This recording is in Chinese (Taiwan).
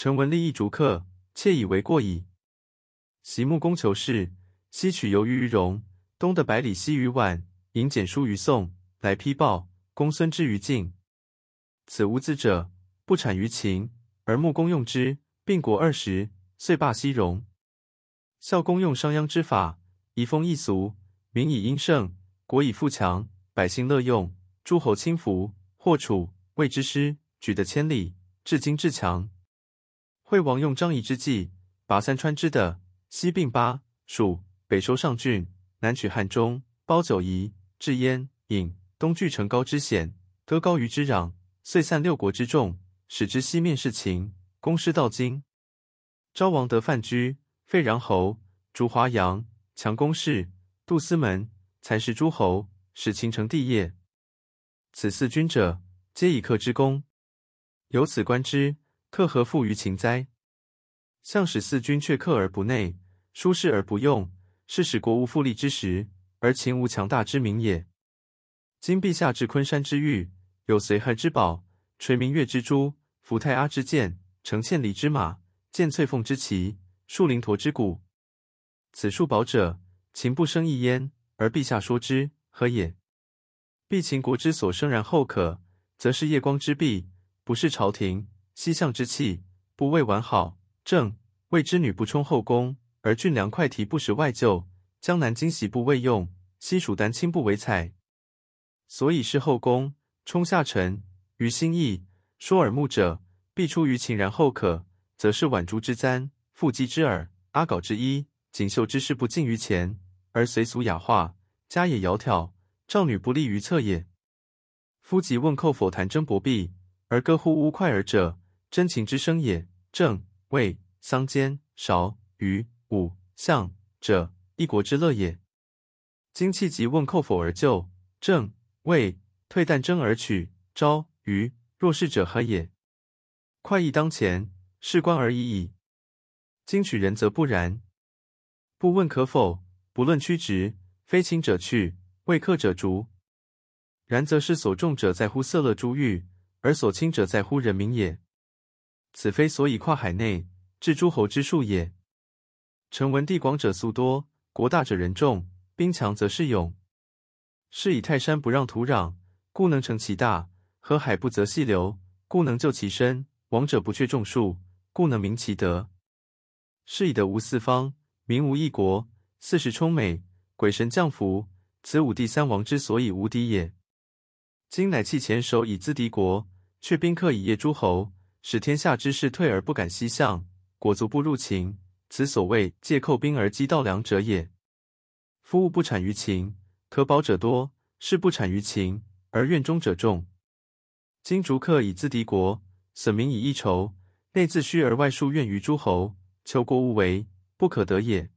臣聞吏議逐客，竊以為過矣。昔穆公求士，西取由余於戎，東得百里奚於宛，迎蹇叔於宋，來邳豹、公孫支於晉。此五子者，不產於秦，而穆公用之，并國二十，遂霸西戎。孝公用商鞅之法，移風易俗，民以殷盛，國以富強，百姓樂用，諸侯親服。獲楚、魏之師，舉地千里，至今治強。惠王用張儀之計，拔三川之地，西并巴、蜀，北收上郡，南取漢中，包九夷，制鄢、郢，東據成皋之險，割膏腴之壤，遂散六國之眾，使之西面事秦，功施到今。昭王得范雎，廢穰侯，逐華陽，強公室，杜私門，蠶食諸侯，使秦成帝業。此四君者，皆以客之功。由此觀之。客何負於秦哉？向使四君卻客而不內，疏士而不用，是使國無富利之實，而秦無強大之名也。今陛下致昆山之玉，有隨和之寶，垂明月之珠，服太阿之劍，乘纖離之馬，建翠鳳之旗，樹靈鼉之鼓。此數寶者，秦不生一焉，而陛下說之，何也？必秦國之所生，然後可，則是夜光之璧，不飾朝廷。犀象之器，不為玩好，鄭、衛之女不充後宮，而駿良駃騠不實外廄，江南金錫不為用，西蜀丹青不為采，所以飾後宮，充下陳，娛心意，說耳目者，必出於秦然後可，則是宛珠之簪，傅璣之珥，阿縞之衣，錦繡之飾不進於前，而隨俗雅化，佳冶窈窕，趙女不立於側也。夫擊甕叩缶彈，彈箏搏髀，而歌呼嗚快耳者。真秦之聲也，鄭、衛、桑間，韶、虞、武、象者，異國之樂也。今棄擊甕叩缶而就鄭、衛，退彈箏而取昭、虞，若是者何也？快意當前，適觀而已矣。今取人則不然，不問可否，不論曲直，非秦者去，為客者逐。然則是所重者在乎色樂珠玉，而所輕者在乎人民也。此非所以跨海內、制諸侯之術也。臣聞地廣者粟多，國大者人眾，兵強則士勇。是以泰山不讓土壤，故能成其大；河海不擇細流，故能就其深；王者不卻眾庶，故能明其德。是以地無四方，民無異國，四時充美，鬼神降福。此五帝三王之所以無敵也。今乃棄黔首以資敵國，卻賓客以業諸侯。使天下之士退而不敢西向，裹足不入秦。此所謂借寇兵而齎盜糧者也。夫物不產於秦，可寶者多；士不產於秦，而願忠者眾。今逐客以資敵國，損民以益讎，內自虛而外樹怨於諸侯，求國無危，不可得也。